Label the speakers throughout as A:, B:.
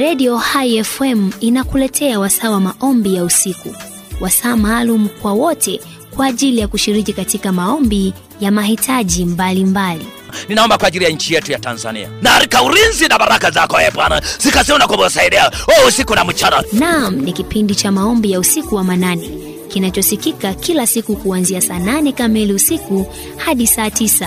A: Redio Hai FM inakuletea wasaa wa maombi ya usiku, wasaa maalum kwa wote kwa ajili ya kushiriki katika maombi ya mahitaji mbalimbali mbali.
B: Ninaomba kwa ajili ya nchi yetu ya Tanzania, naarika ulinzi na baraka zako e Bwana, zikasiuna kuvosaidia o usiku na mchana.
A: nam ni kipindi cha maombi ya usiku wa manane kinachosikika kila siku kuanzia saa nane kamili usiku hadi saa 9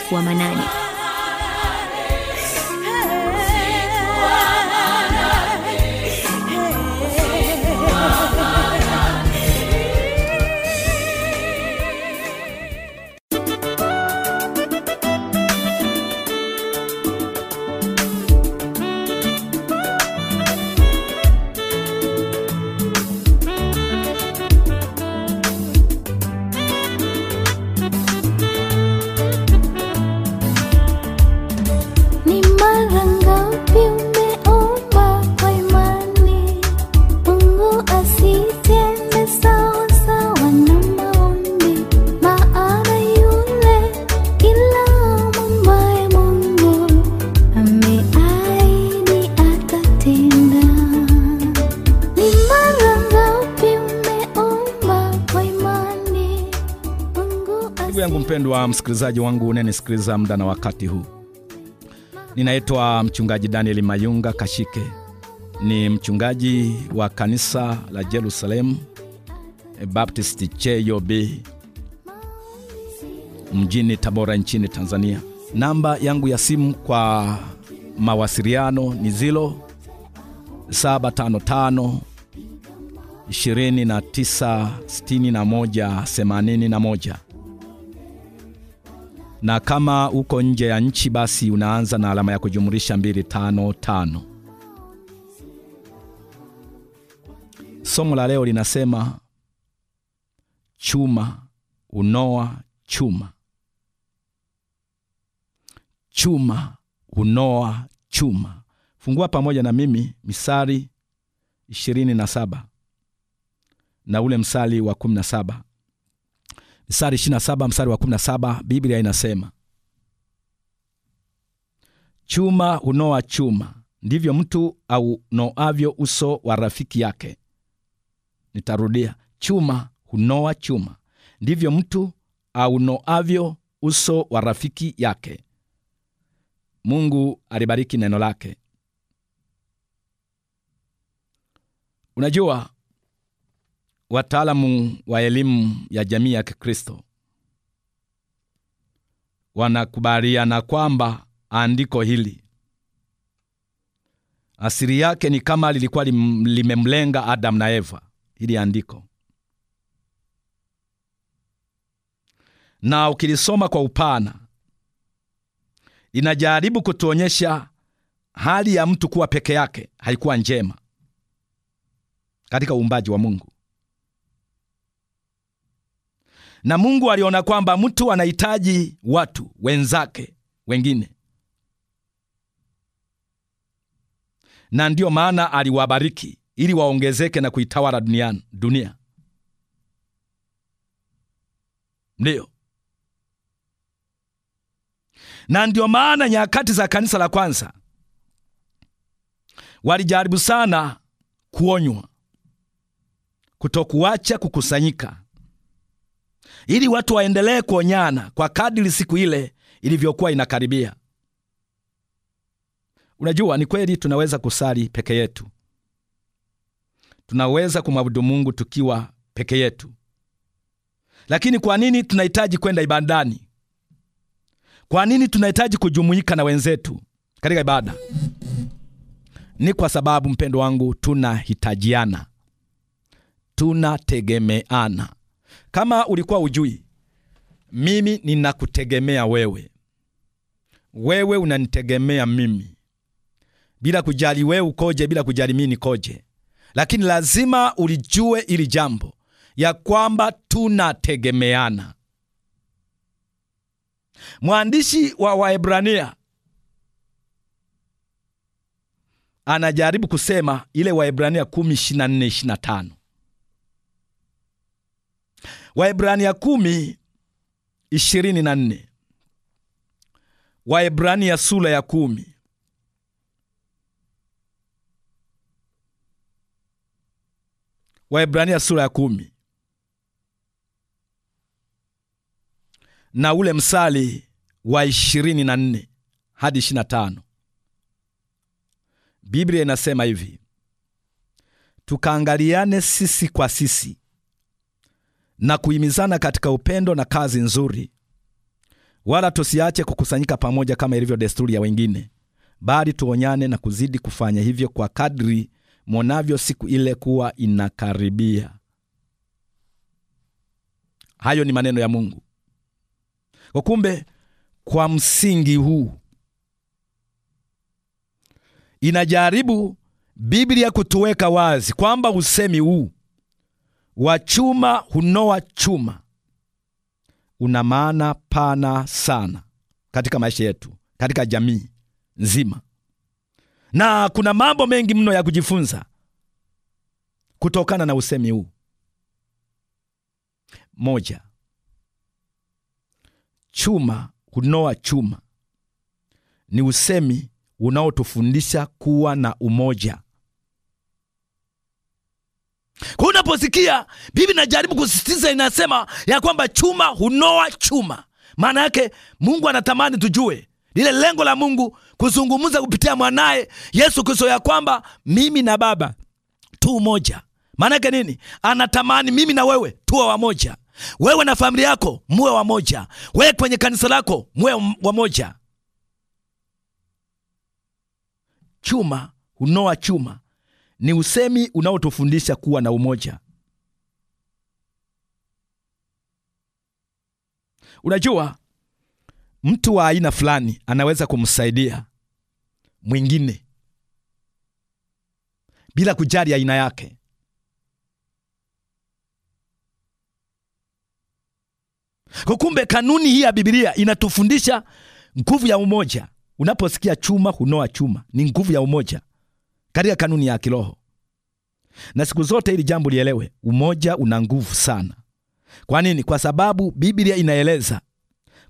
A: uaminifu wa Manane.
B: Mpendwa msikilizaji wangu unanisikiliza muda na wakati huu, ninaitwa mchungaji Daniel Mayunga Kashike, ni mchungaji wa kanisa la jerusalemu eh, Baptist CHOB mjini Tabora nchini Tanzania. Namba yangu ya simu kwa mawasiliano ni zilo 755 29 61 81 na kama uko nje ya nchi basi unaanza na alama ya kujumlisha 255. Somo la leo linasema chuma unoa chuma, chuma unoa chuma. Fungua pamoja na mimi misari 27 na ule msali wa 17 sari 27 mstari wa 17 Biblia inasema, chuma hunoa chuma, ndivyo mtu aunoavyo uso wa rafiki yake. Nitarudia, chuma hunoa chuma, ndivyo mtu aunoavyo uso wa rafiki yake. Mungu alibariki neno lake. Unajua, Wataalamu wa elimu ya jamii ya Kikristo wanakubaliana kwamba andiko hili asili yake ni kama lilikuwa limemlenga Adamu na Eva, hili andiko, na ukilisoma kwa upana, inajaribu kutuonyesha hali ya mtu kuwa peke yake haikuwa njema katika uumbaji wa Mungu na Mungu aliona kwamba mtu anahitaji watu wenzake wengine, na ndiyo maana aliwabariki ili waongezeke na kuitawala dunia, dunia. Ndiyo, na ndiyo maana nyakati za kanisa la kwanza walijaribu sana kuonywa kutokuacha kukusanyika ili watu waendelee kuonyana kwa kadiri siku ile ilivyokuwa inakaribia. Unajua, ni kweli tunaweza kusali peke yetu, tunaweza kumwabudu Mungu tukiwa peke yetu, lakini kwa nini tunahitaji kwenda ibadani? Kwa nini tunahitaji kujumuika na wenzetu katika ibada? Ni kwa sababu, mpendo wangu, tunahitajiana, tunategemeana. Kama ulikuwa ujui, mimi ninakutegemea wewe, wewe unanitegemea mimi, bila kujali wewe ukoje, bila kujali mimi nikoje. Lakini lazima ulijue ili jambo ya kwamba tunategemeana. Mwandishi wa Waebrania anajaribu kusema ile Waebrania 10:24-25 Waebrania kumi ishirini na nne Waebrania sura ya kumi Waebrania sura ya kumi na ule msali wa ishirini na nne hadi 25. na Biblia inasema hivi: tukaangaliane sisi kwa sisi na kuhimizana katika upendo na kazi nzuri, wala tusiache kukusanyika pamoja kama ilivyo desturi ya wengine, bali tuonyane na kuzidi kufanya hivyo kwa kadri mwonavyo siku ile kuwa inakaribia. Hayo ni maneno ya Mungu. Kwa kumbe, kwa msingi huu inajaribu Biblia kutuweka wazi kwamba usemi huu wa chuma hunoa chuma una maana pana sana katika maisha yetu, katika jamii nzima, na kuna mambo mengi mno ya kujifunza kutokana na usemi huu. Moja, chuma hunoa chuma ni usemi unaotufundisha kuwa na umoja kwa hiyo unaposikia Biblia inajaribu kusisitiza, inasema ya kwamba chuma hunoa chuma, maana yake Mungu anatamani tujue lile lengo la Mungu kuzungumza kupitia mwanaye Yesu Kristo ya kwamba mimi na Baba tu moja. Maana yake nini? Anatamani mimi na wewe tuwe wamoja, wewe na familia yako muwe wamoja, wewe kwenye kanisa lako muwe wamoja. Chuma hunoa chuma, ni usemi unaotufundisha kuwa na umoja. Unajua, mtu wa aina fulani anaweza kumsaidia mwingine bila kujali aina yake. Kumbe kanuni hii ya Biblia inatufundisha nguvu ya umoja. Unaposikia chuma hunoa chuma, ni nguvu ya umoja katika kanuni ya kiroho. Na siku zote ili jambo lielewe, umoja una nguvu sana. Kwa nini? Kwa sababu Biblia inaeleza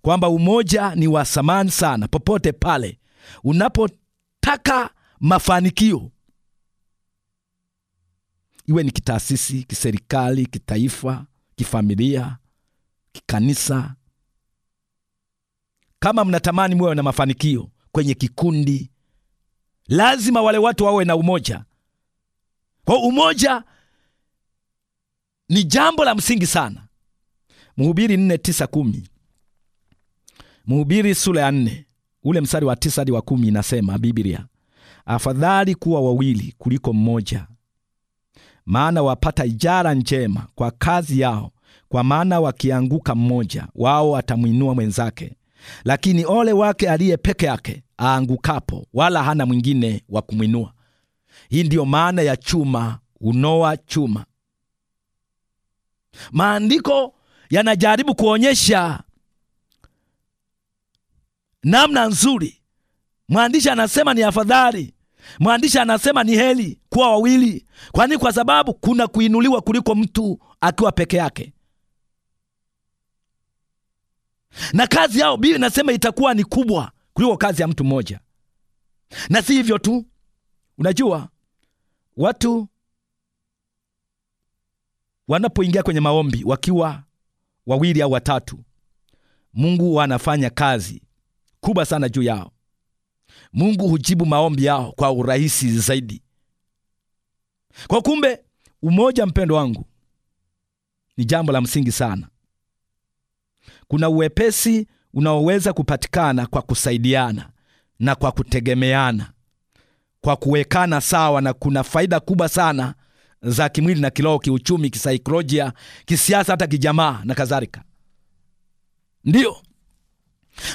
B: kwamba umoja ni wa thamani sana. Popote pale unapotaka mafanikio, iwe ni kitaasisi, kiserikali, kitaifa, kifamilia, kikanisa, kama mnatamani muwe na mafanikio kwenye kikundi, lazima wale watu wawe na umoja. Kwa umoja ni jambo la msingi sana. Mhubiri nne tisa kumi Mhubiri sura ya nne ule mstari wa tisa hadi wa kumi inasema Biblia, afadhali kuwa wawili kuliko mmoja, maana wapata ijara njema kwa kazi yao, kwa maana wakianguka mmoja wao atamwinua mwenzake lakini ole wake aliye peke yake aangukapo, wala hana mwingine wa kumwinua. Hii ndiyo maana ya chuma unoa chuma. Maandiko yanajaribu kuonyesha namna nzuri. Mwandishi anasema ni afadhali, mwandishi anasema ni heli kuwa wawili. Kwani kwa sababu kuna kuinuliwa kuliko mtu akiwa peke yake na kazi yao Biblia inasema itakuwa ni kubwa kuliko kazi ya mtu mmoja. Na si hivyo tu, unajua watu wanapoingia kwenye maombi wakiwa wawili au watatu, Mungu anafanya kazi kubwa sana juu yao. Mungu hujibu maombi yao kwa urahisi zaidi. Kwa kumbe, umoja, mpendo wangu, ni jambo la msingi sana kuna uwepesi unaoweza kupatikana kwa kusaidiana na kwa kutegemeana, kwa kuwekana sawa, na kuna faida kubwa sana za kimwili na kiroho, kiuchumi, kisaikolojia, kisiasa, hata kijamaa na kadhalika. Ndiyo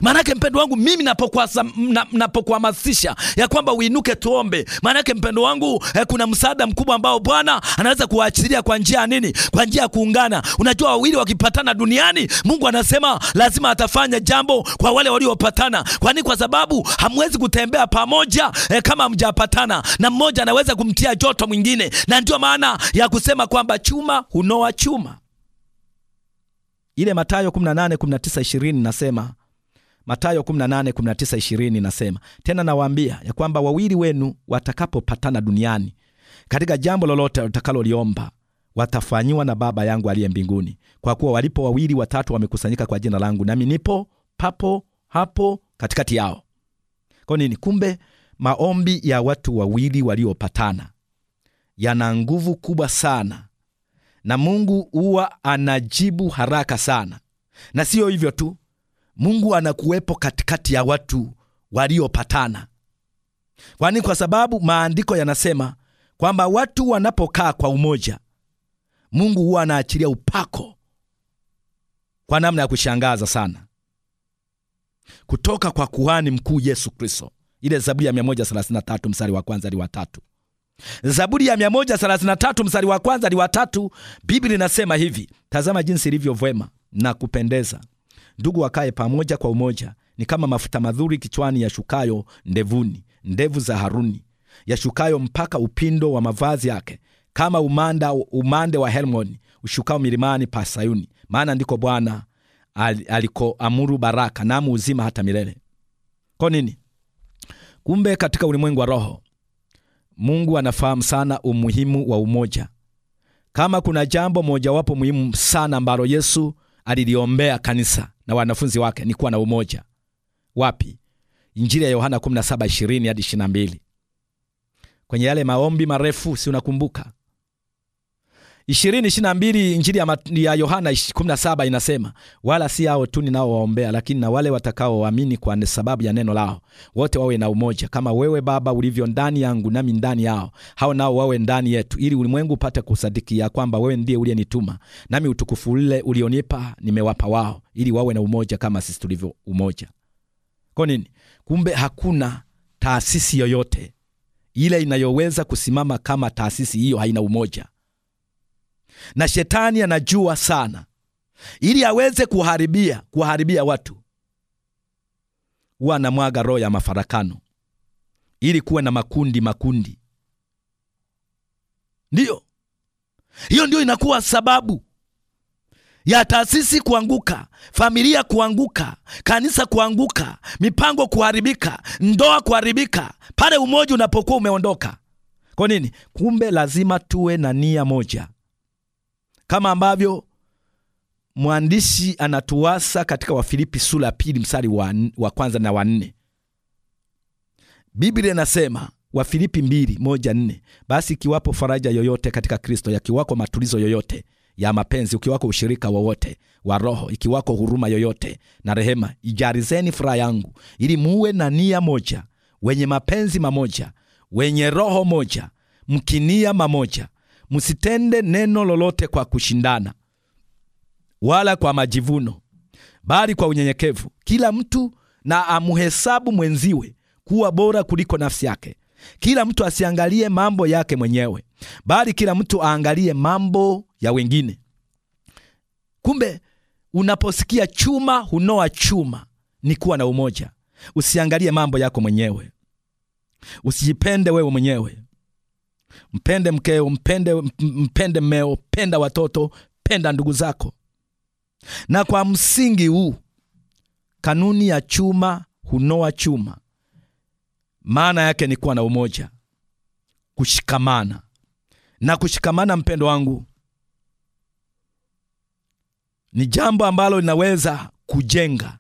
B: Maanake mpendo wangu, mimi napokuhamasisha na, ya kwamba uinuke tuombe, maanake mpendo wangu eh, kuna msaada mkubwa ambao Bwana anaweza kuwaachilia kwa njia ya nini? Kwa njia ya kuungana. Unajua, wawili wakipatana duniani, Mungu anasema lazima atafanya jambo kwa wale waliopatana. Kwani kwa sababu hamwezi kutembea pamoja eh, kama hamjapatana, na mmoja anaweza kumtia joto mwingine, na ndio maana ya kusema kwamba chuma hunoa chuma. Ile Mathayo 18:19 20 nasema Mathayo 18, 20 inasema, tena nawaambia ya kwamba wawili wenu watakapopatana duniani katika jambo lolote utakaloliomba watafanyiwa na Baba yangu aliye mbinguni, kwa kuwa walipo wawili watatu wamekusanyika kwa jina langu, nami nipo papo hapo katikati yao. Kwa nini? Kumbe maombi ya watu wawili waliopatana yana nguvu kubwa sana, na Mungu huwa anajibu haraka sana, na siyo hivyo tu, Mungu anakuwepo katikati ya watu waliopatana. Kwani kwa sababu maandiko yanasema kwamba watu wanapokaa kwa umoja, Mungu huwa anaachilia upako kwa namna ya kushangaza sana kutoka kwa kuhani mkuu Yesu Kristo. Ile Zaburi ya 133 mstari wa kwanza hadi wa tatu. Zaburi ya 133 mstari wa kwanza hadi wa tatu, Biblia inasema hivi: tazama jinsi ilivyo vyema na kupendeza Ndugu wakaye pamoja kwa umoja ni kama mafuta mazuri kichwani yashukayo ndevuni, ndevu za Haruni, yashukayo mpaka upindo wa mavazi yake, kama umanda, umande wa helmoni ushukao milimani pa Sayuni, maana ndiko Bwana alikoamuru baraka namu uzima hata milele. ko nini? Kumbe katika ulimwengu wa roho Mungu anafahamu sana umuhimu wa umoja. Kama kuna jambo mojawapo muhimu sana ambalo Yesu aliliombea kanisa na wanafunzi wake ni kuwa na umoja. Wapi? Injili ya Yohana 17:20 hadi 22. Kwenye yale maombi marefu, si unakumbuka? ishirini ishirini na mbili Injili ya Yohana 17 inasema, wala si hao tu ninaowaombea, lakini na wale watakaoamini kwa sababu ya neno lao, wote wawe na umoja, kama wewe Baba ulivyo ndani yangu, nami ndani yao, hao nao wawe ndani yetu, ili ulimwengu upate kusadiki ya kwamba wewe ndiye uliyenituma, nami utukufu ule ulionipa nimewapa wao, ili wawe na umoja kama sisi tulivyo umoja. Kwa nini? Kumbe hakuna taasisi yoyote ile inayoweza kusimama kama taasisi hiyo haina umoja na shetani anajua sana, ili aweze kuharibia kuharibia watu. Huwa anamwaga roho ya mafarakano ili kuwe na makundi makundi. Ndiyo hiyo ndio inakuwa sababu ya taasisi kuanguka, familia kuanguka, kanisa kuanguka, mipango kuharibika, ndoa kuharibika, pale umoja unapokuwa umeondoka. Kwa nini? Kumbe lazima tuwe na nia moja kama ambavyo mwandishi anatuwasa katika Wafilipi sura pili mstari wa, wa kwanza na wanne. Biblia inasema Wafilipi mbili moja nne, basi ikiwapo faraja yoyote katika Kristo, yakiwako matulizo yoyote ya mapenzi, ukiwako ushirika wowote wa Roho, ikiwako huruma yoyote na rehema, ijarizeni furaha yangu, ili muwe na nia moja, wenye mapenzi mamoja, wenye roho moja, mkinia mamoja msitende neno lolote kwa kushindana wala kwa majivuno, bali kwa unyenyekevu kila mtu na amhesabu mwenziwe kuwa bora kuliko nafsi yake. Kila mtu asiangalie mambo yake mwenyewe, bali kila mtu aangalie mambo ya wengine. Kumbe unaposikia chuma hunoa chuma, ni kuwa na umoja. Usiangalie mambo yako mwenyewe, usijipende wewe mwenyewe, Mpende mkeo, mpende, mpende mmeo, penda watoto, penda ndugu zako. Na kwa msingi huu, kanuni ya chuma hunoa chuma, maana yake ni kuwa na umoja, kushikamana na kushikamana. Mpendo wangu, ni jambo ambalo linaweza kujenga,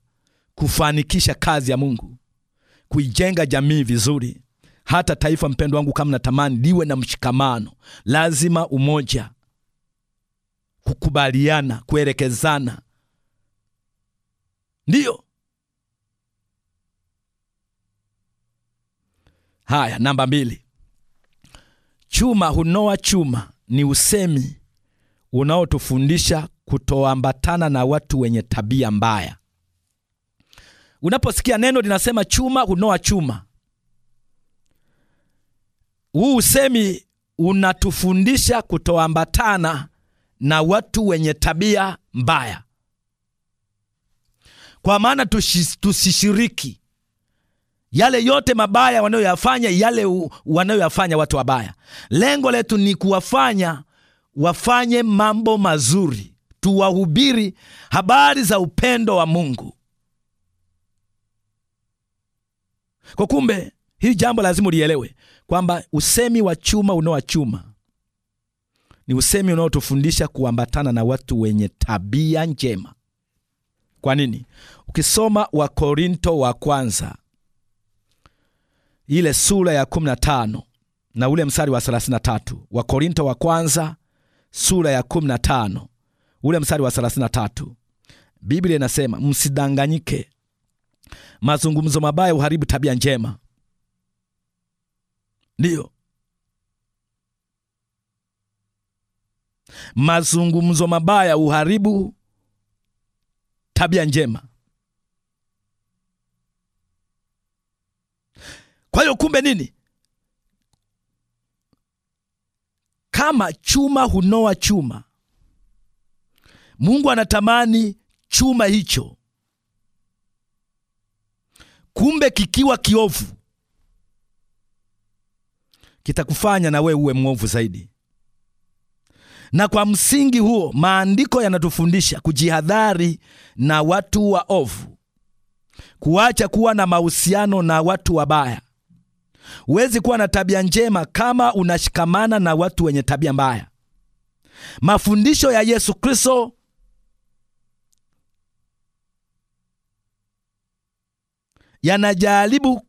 B: kufanikisha kazi ya Mungu, kuijenga jamii vizuri. Hata taifa mpendo wangu, kama natamani liwe na mshikamano, lazima umoja, kukubaliana, kuelekezana. Ndiyo haya. Namba mbili, chuma hunoa chuma ni usemi unaotufundisha kutoambatana na watu wenye tabia mbaya. Unaposikia neno linasema chuma hunoa chuma, huu usemi unatufundisha kutoambatana na watu wenye tabia mbaya, kwa maana tusishiriki yale yote mabaya wanayoyafanya, yale wanayoyafanya watu wabaya. Lengo letu ni kuwafanya wafanye mambo mazuri, tuwahubiri habari za upendo wa Mungu. Kwa kumbe Hili jambo lazima ulielewe kwamba usemi wa chuma chuma ni usemi unaotufundisha kuambatana na watu wenye tabia njema. Kwa nini? Ukisoma Wakorinto wa kwanza ile sura ya 15 na ule mstari wa 33, Wakorinto wa kwanza sura ya 15 ule mstari wa 33, Biblia inasema msidanganyike, mazungumzo mabaya uharibu tabia njema Ndiyo, mazungumzo mabaya uharibu tabia njema. Kwa hiyo kumbe nini? Kama chuma hunoa chuma, Mungu anatamani chuma hicho, kumbe kikiwa kiovu kitakufanya na wewe uwe mwovu zaidi. Na kwa msingi huo maandiko yanatufundisha kujihadhari na watu waovu, kuacha kuwa na mahusiano na watu wabaya. Huwezi kuwa na tabia njema kama unashikamana na watu wenye tabia mbaya. Mafundisho ya Yesu Kristo yanajaribu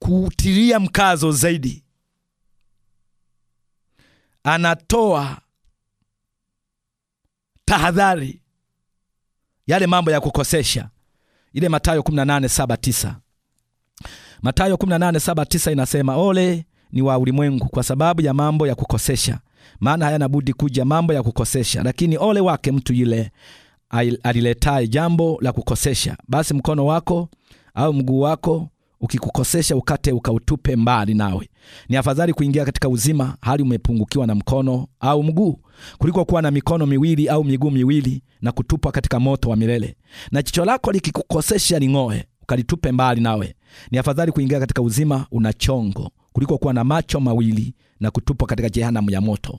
B: kutilia mkazo zaidi, anatoa tahadhari yale mambo ya kukosesha, ile Mathayo 18:7-9. Mathayo 18:7-9 inasema, ole ni wa ulimwengu kwa sababu ya mambo ya kukosesha, maana hayana budi kuja mambo ya kukosesha, lakini ole wake mtu yule aliletaye jambo la kukosesha. Basi mkono wako au mguu wako ukikukosesha ukate ukautupe mbali nawe. Ni afadhali kuingia katika uzima hali umepungukiwa na mkono au mguu kuliko kuwa na mikono miwili au miguu miwili na kutupwa katika moto wa milele. Na jicho lako likikukosesha, ling'oe ukalitupe mbali nawe. Ni afadhali kuingia katika uzima una chongo kuliko kuwa na macho mawili na kutupwa katika jehanamu ya moto.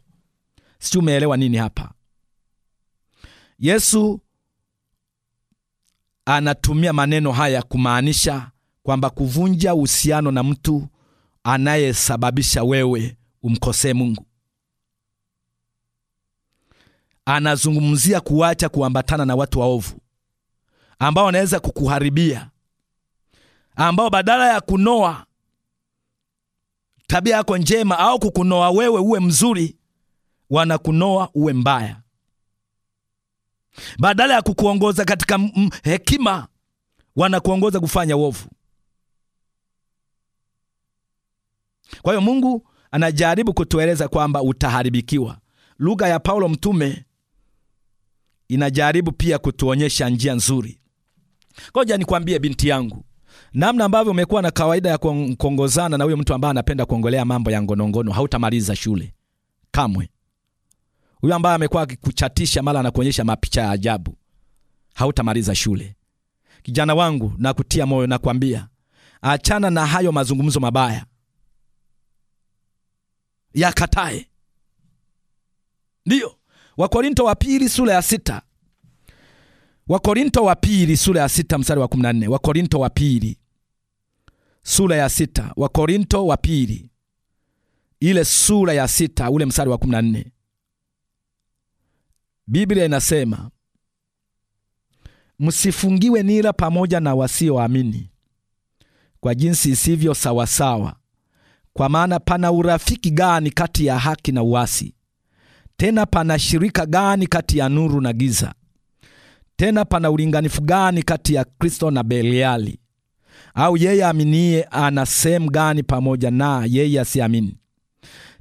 B: si umeelewa nini hapa? Yesu anatumia maneno haya kumaanisha kwamba kuvunja uhusiano na mtu anayesababisha wewe umkosee Mungu. Anazungumzia kuacha kuambatana na watu waovu ambao wanaweza kukuharibia, ambao badala ya kunoa tabia yako njema au kukunoa wewe uwe mzuri, wanakunoa uwe mbaya. Badala ya kukuongoza katika hekima, wanakuongoza kufanya wovu. Kwa hiyo Mungu anajaribu kutueleza kwamba utaharibikiwa. Lugha ya Paulo mtume inajaribu pia kutuonyesha njia nzuri. Ngoja nikwambie binti yangu, namna ambavyo umekuwa na kawaida ya kuongozana na huyo mtu ambaye anapenda kuongolea mambo ya ngonongono, hautamaliza shule kamwe. Huyo ambaye amekuwa akikuchatisha mara anakuonyesha mapicha ya ajabu, hautamaliza shule. Kijana wangu, nakutia moyo, nakwambia achana na hayo mazungumzo mabaya yakatae. Ndiyo, Wakorinto wa pili sura ya sita Wakorinto wa pili sura ya sita mstari wa 14. Wakorinto wa pili sura ya sita Wakorinto wa pili ile sura ya sita ule mstari wa 14. Biblia inasema msifungiwe nira pamoja na wasioamini, kwa jinsi isivyo sawasawa, kwa maana pana urafiki gani kati ya haki na uasi? Tena pana shirika gani kati ya nuru na giza? Tena pana ulinganifu gani kati ya Kristo na Beliali? Au yeye aminiye ana sehemu gani pamoja na yeye asiamini?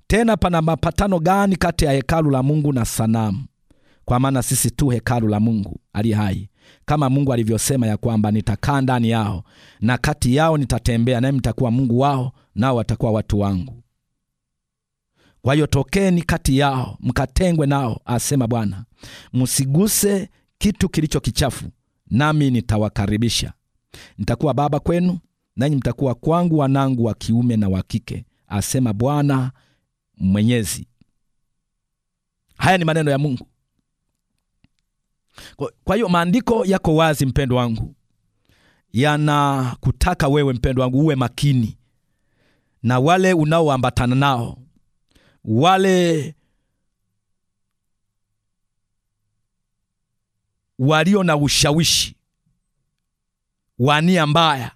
B: Tena pana mapatano gani kati ya hekalu la Mungu na sanamu? Kwa maana sisi tu hekalu la Mungu aliye hai, kama Mungu alivyosema ya kwamba nitakaa ndani yao na kati yao nitatembea, naye nitakuwa Mungu wao nao watakuwa watu wangu. Kwa hiyo tokeni kati yao, mkatengwe nao, asema Bwana. Msiguse kitu kilicho kichafu, nami nitawakaribisha. Nitakuwa baba kwenu, nanyi mtakuwa kwangu wanangu wa kiume na wa kike, asema Bwana Mwenyezi. Haya ni maneno ya Mungu. Kwa hiyo maandiko yako wazi, mpendo wangu, yanakutaka wewe, mpendo wangu, uwe makini na wale unaoambatana nao, wale walio na ushawishi wa nia mbaya.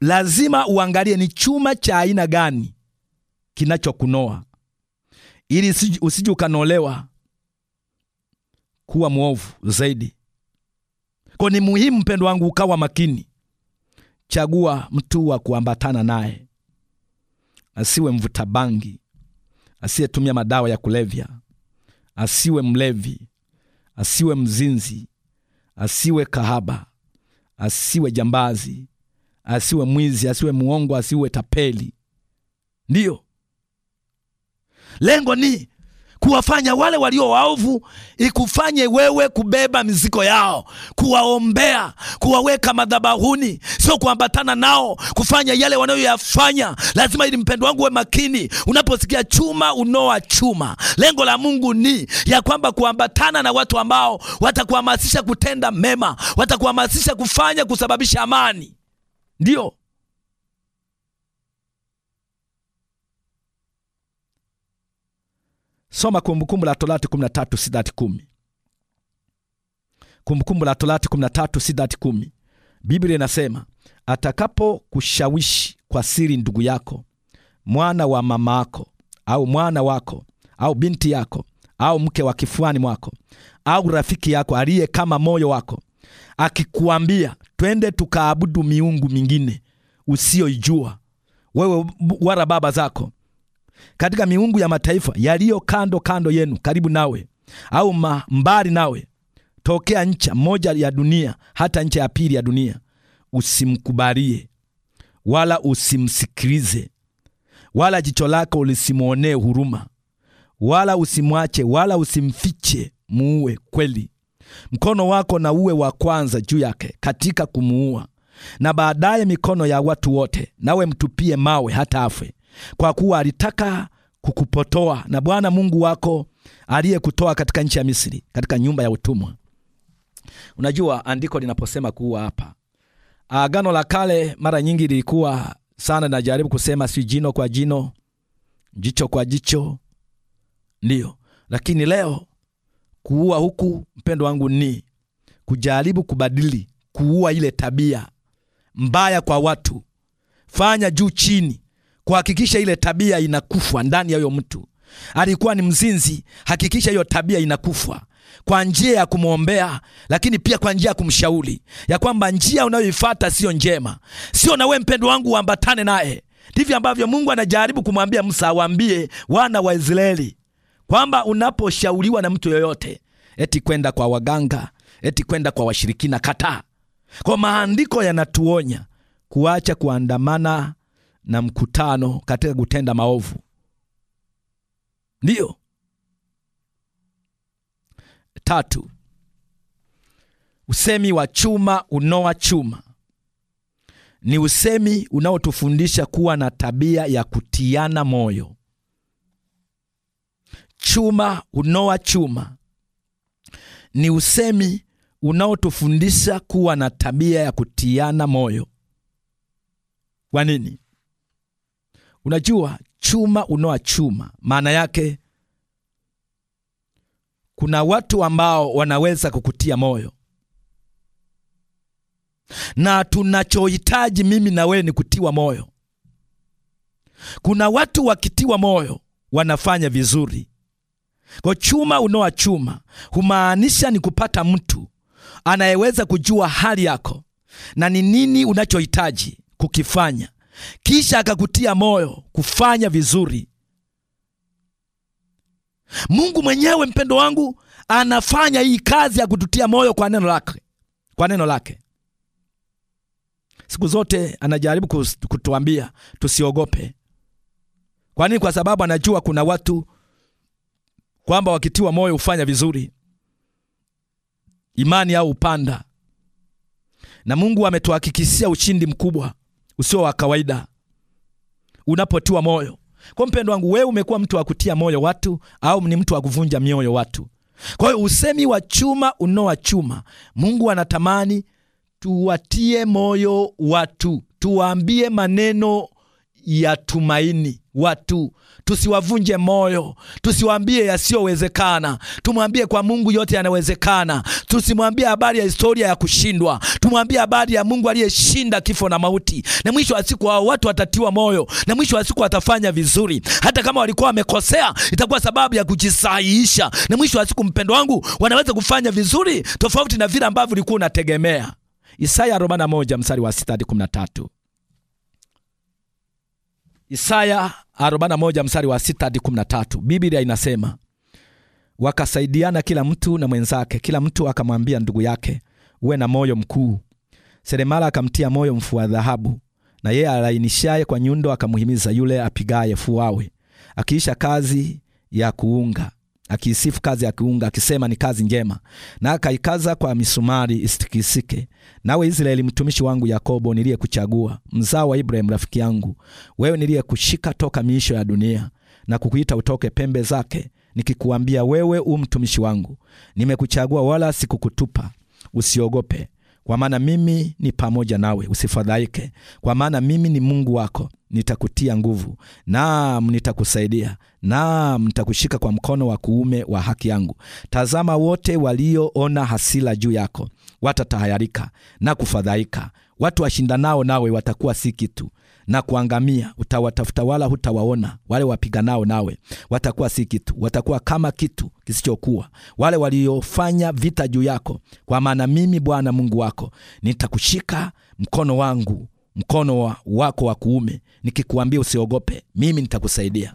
B: Lazima uangalie ni chuma cha aina gani kinachokunoa, ili usije ukanolewa kuwa mwovu zaidi. Kwa ni muhimu mpendo wangu ukawa makini. Chagua mtu wa kuambatana naye, asiwe mvuta bangi, asiyetumia madawa ya kulevya, asiwe mlevi, asiwe mzinzi, asiwe kahaba, asiwe jambazi, asiwe mwizi, asiwe mwongo, asiwe tapeli. Ndiyo lengo ni kuwafanya wale walio waovu, ikufanye wewe kubeba mizigo yao, kuwaombea, kuwaweka madhabahuni, sio kuambatana nao kufanya yale wanayoyafanya. Lazima ili mpendo wangu we makini, unaposikia chuma unoa chuma. Lengo la Mungu ni ya kwamba kuambatana na watu ambao watakuhamasisha kutenda mema, watakuhamasisha kufanya kusababisha amani, ndio Soma Kumbukumbu la Torati 13:6-10. Kumbukumbu la Torati 13:6-10. Biblia inasema, kushawishi kwa siri ndugu yako, mwana wa mama yako, au mwana wako, au binti yako, au mke wa kifuani mwako, au rafiki yako aliye kama moyo wako, akikuambia twende tukaabudu miungu mingine usiyoijua wewe wala baba zako katika miungu ya mataifa yaliyo kando kando yenu, karibu nawe au mbali nawe, tokea ncha moja ya dunia hata ncha ya pili ya dunia, usimkubalie wala usimsikilize, wala jicho lako ulisimwonee huruma, wala usimwache wala usimfiche, muue kweli. Mkono wako na uwe wa kwanza juu yake katika kumuua, na baadaye mikono ya watu wote, nawe mtupie mawe hata afwe kwa kuwa alitaka kukupotoa na Bwana Mungu wako aliyekutoa katika nchi ya Misri, katika nyumba ya utumwa. Unajua, andiko linaposema kuwa hapa, Agano la Kale mara nyingi lilikuwa sana linajaribu kusema si jino kwa jino, jicho kwa jicho, ndiyo. Lakini leo kuua huku, mpendo wangu, ni kujaribu kubadili, kuua ile tabia mbaya kwa watu, fanya juu chini kuhakikisha ile tabia inakufwa ndani ya huyo mtu. Alikuwa ni mzinzi, hakikisha hiyo tabia inakufwa kwa njia ya kumwombea, lakini pia kwa njia ya kumshauri ya kwamba njia unayoifuata sio njema, sio na wewe mpendo wangu uambatane naye. Ndivyo ambavyo Mungu anajaribu kumwambia Musa awaambie wana wa Israeli kwamba unaposhauriwa na mtu yoyote, eti kwenda kwa waganga, eti kwenda kwa washirikina, kataa. Kwa maandiko yanatuonya kuacha kuandamana na mkutano katika kutenda maovu. Ndiyo. Tatu, usemi wa chuma unoa chuma ni usemi unaotufundisha kuwa na tabia ya kutiana moyo. Chuma unoa chuma ni usemi unaotufundisha kuwa na tabia ya kutiana moyo. Kwa nini? Unajua chuma unoa chuma, maana yake kuna watu ambao wanaweza kukutia moyo, na tunachohitaji mimi na wewe ni kutiwa moyo. Kuna watu wakitiwa moyo wanafanya vizuri. Kwa chuma unoa chuma humaanisha ni kupata mtu anayeweza kujua hali yako na ni nini unachohitaji kukifanya kisha akakutia moyo kufanya vizuri. Mungu mwenyewe, mpendo wangu, anafanya hii kazi ya kututia moyo kwa neno lake, kwa neno lake. Siku zote anajaribu kutuambia tusiogope. Kwa nini? Kwa sababu anajua kuna watu kwamba wakitiwa moyo hufanya vizuri, imani yao hupanda, na Mungu ametuhakikishia ushindi mkubwa usio wa kawaida unapotiwa moyo. Kwa mpendo wangu, wewe umekuwa mtu wa kutia moyo watu au ni mtu wa kuvunja mioyo watu? Kwa hiyo usemi wa chuma unoa chuma, Mungu anatamani tuwatie moyo watu, tuwaambie maneno ya tumaini. Watu tusiwavunje moyo, tusiwaambie yasiyowezekana, tumwambie kwa Mungu yote yanawezekana. Tusimwambie habari ya historia ya kushindwa, tumwambie habari ya Mungu aliyeshinda kifo na mauti. Na mwisho wa siku hao watu watatiwa moyo, na mwisho wa siku watafanya vizuri. Hata kama walikuwa wamekosea, itakuwa sababu ya kujisahihisha, na mwisho wa siku, mpendo wangu, wanaweza kufanya vizuri tofauti na vile ambavyo ulikuwa unategemea. Isaya 41 mstari wa 6 hadi 13. Isaya 41 mstari wa 6 hadi 13, Biblia inasema wakasaidiana kila mtu na mwenzake, kila mtu akamwambia ndugu yake, uwe na moyo mkuu. Seremala akamtia moyo mfua dhahabu, na yeye alainishaye kwa nyundo akamhimiza yule apigaye fuawe, akiisha kazi ya kuunga akiisifu kazi ya kiunga akisema ni kazi njema, na akaikaza kwa misumari isitikisike. Nawe Israeli mtumishi wangu, Yakobo niliyekuchagua, mzao wa Ibrahimu rafiki yangu, wewe niliyekushika toka miisho ya dunia na kukuita utoke pembe zake, nikikuambia wewe u mtumishi wangu, nimekuchagua wala sikukutupa, usiogope kwa maana mimi ni pamoja nawe, usifadhaike, kwa maana mimi ni Mungu wako, nitakutia nguvu, naam, nitakusaidia, naam, nitakushika kwa mkono wa kuume wa haki yangu. Tazama, wote walioona hasira juu yako watatahayarika na kufadhaika, watu washindanao nawe watakuwa si kitu na kuangamia. Utawatafuta wala hutawaona. Wale wapiganao nawe watakuwa si kitu, watakuwa kama kitu kisichokuwa, wale waliofanya vita juu yako. Kwa maana mimi Bwana Mungu wako nitakushika mkono wangu, mkono wako wa kuume, nikikuambia usiogope, mimi nitakusaidia.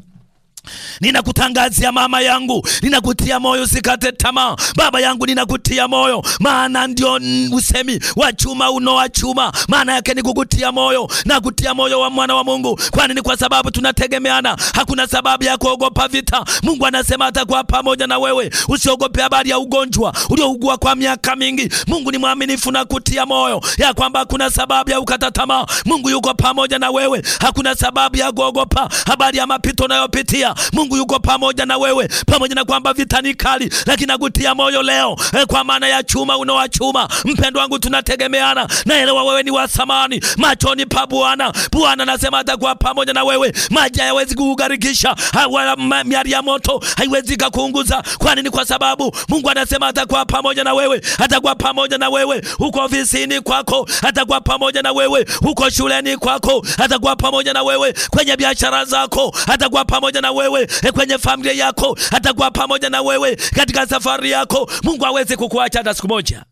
B: Ninakutangazia mama yangu, ninakutia moyo, usikate tamaa. Baba yangu, ninakutia moyo, maana ndio usemi wa chuma unoa chuma, maana yake ni kukutia moyo na kutia moyo wa mwana wa Mungu, kwani ni kwa sababu tunategemeana. Hakuna sababu ya kuogopa vita. Mungu anasema atakuwa pamoja na wewe, usiogope habari ya ugonjwa uliougua kwa miaka mingi. Mungu ni mwaminifu na kutia moyo ya kwamba kuna sababu ya ukata tamaa. Mungu yuko pamoja na wewe, hakuna sababu ya kuogopa habari ya mapito unayopitia. Mungu yuko pamoja na wewe, pamoja na kwamba vita ni kali, lakini nakutia moyo leo e, kwa maana ya chuma chuma. Mpendo wangu, tunategemeana. Naelewa wewe ni wa thamani machoni pa Bwana. Bwana anasema atakuwa pamoja na wewe. Maji hayawezi kukugarikisha, wala miali ya moto haiwezi kukuunguza. Kwa nini? Kwa sababu Mungu anasema atakuwa pamoja na wewe, atakuwa pamoja na wewe huko ofisini kwako, atakuwa pamoja na wewe huko shuleni kwako, atakuwa pamoja na wewe kwenye biashara zako, atakuwa pamoja na wewe wewe eh, kwenye familia yako, atakuwa pamoja na wewe katika safari yako. Mungu aweze kukuacha hata siku moja.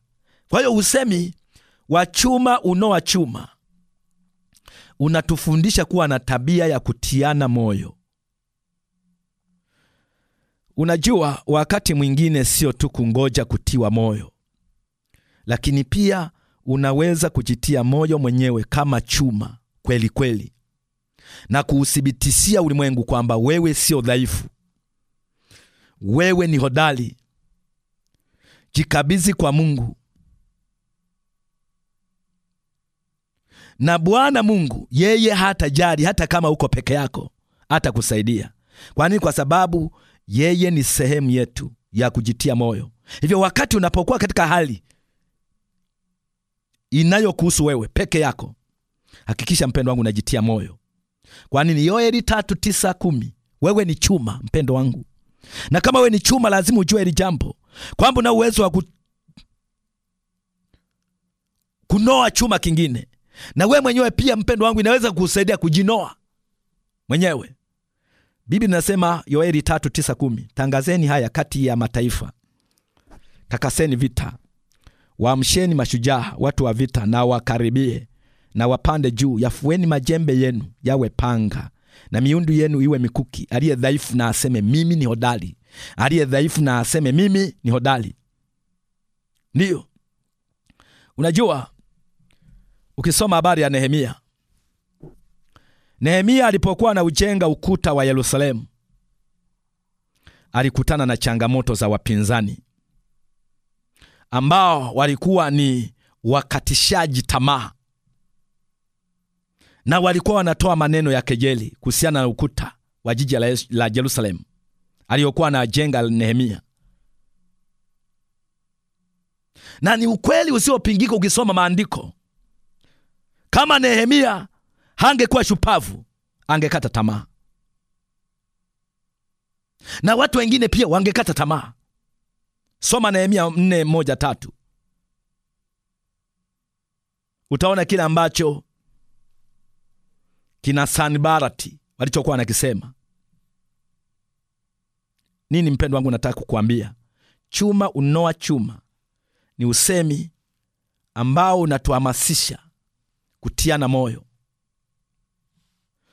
B: Kwa hiyo usemi wa chuma unoa chuma unatufundisha kuwa na tabia ya kutiana moyo. Unajua, wakati mwingine sio tu kungoja kutiwa moyo, lakini pia unaweza kujitia moyo mwenyewe kama chuma kweli kweli na kuuthibitishia ulimwengu kwamba wewe sio dhaifu, wewe ni hodari. Jikabidhi kwa Mungu, na Bwana Mungu yeye hata jari hata kama uko peke yako, atakusaidia. Kwa nini? Kwa sababu yeye ni sehemu yetu ya kujitia moyo. Hivyo wakati unapokuwa katika hali inayokuhusu wewe peke yako, hakikisha mpendo wangu unajitia moyo kwani ni Yoeli tatu tisa kumi wewe ni chuma mpendo wangu, na kama wewe ni chuma, lazima ujue hili jambo kwamba una uwezo wa kunoa chuma kingine, na wewe mwenyewe pia mpendo wangu, inaweza kukusaidia kujinoa mwenyewe. Biblia inasema Yoeli tatu tisa kumi tangazeni haya kati ya mataifa, takaseni vita, waamsheni mashujaa, watu wa vita, na wakaribie na wapande juu. Yafueni majembe yenu yawe panga, na miundu yenu iwe mikuki. Aliye dhaifu na aseme mimi ni hodari, aliye dhaifu na aseme mimi ni hodari. Ndiyo, unajua ukisoma habari ya Nehemia, Nehemia alipokuwa na ujenga ukuta wa Yerusalemu alikutana na changamoto za wapinzani ambao walikuwa ni wakatishaji tamaa na walikuwa wanatoa maneno ya kejeli kuhusiana na ukuta wa jiji la Yerusalemu aliyokuwa anajenga Nehemia. Na ni ukweli usiopingika ukisoma maandiko. Kama Nehemia hangekuwa shupavu, angekata tamaa, na watu wengine pia wangekata tamaa. Soma Nehemia nne moja tatu utaona kile ambacho kina Sanbarati walichokuwa wanakisema. Nini mpendo wangu, nataka kukuambia chuma unoa chuma ni usemi ambao unatuhamasisha kutiana moyo.